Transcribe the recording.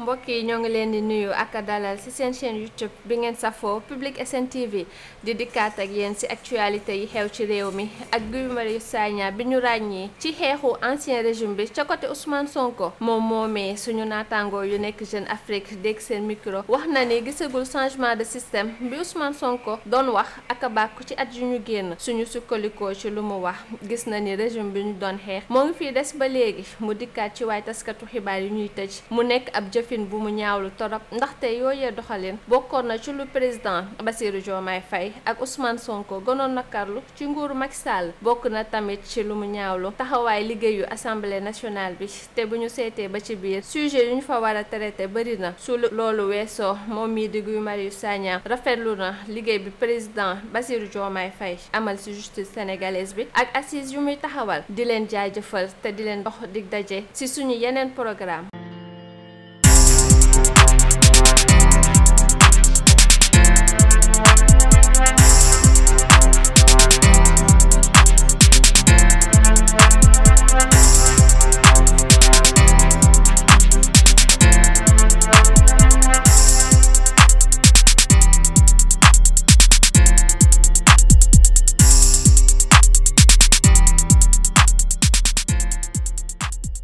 mbokk yi ñoo ngi leen di nuyu ak dalal ci seen chaîne YouTube bi ngeen safoo Public SN TV di dikkaat ak yéen ci actualité yi xew ci réew mi ak Guy Marius bi ñu ràññee ci xeexu ancien régime bi ca côté Ousmane Sonko moom moomee suñu naataangoo yu nekk Jeune Afrique dégg seen micro wax na ni gisagul changement de système bi Ousmane Sonko doon wax ak bàkku ci at yu ñu génn suñu sukkandikoo ci lu mu wax gis na ni régime bi ñu doon xeex moo ngi fiy des ba léegi mu dikkaat ci waay taskatu xibaar yu ñuy tëj mu nekk jëfin bu mu ñaawlu torop ndaxte yooyee doxalin bokkoon na ci lu président Bassirou Diomaye Faye ak Ousmane Sonko gënoon nakarlu ci nguuru Macky Sall bokk na tamit ci lu mu ñaawlu taxawaay liggéeyu assemblée nationale bi te bu ñu seetee ba ci biir sujet yu fa war a traité bëri na su loolu weesoo moom mii di Guy Marius Sagna rafetlu na liggéey bi président Bassirou Diomaye Faye amal ci justice sénégalaise bi ak assise yu muy taxawal di leen jaajëfal te di leen dox dig daje ci suñu yeneen programme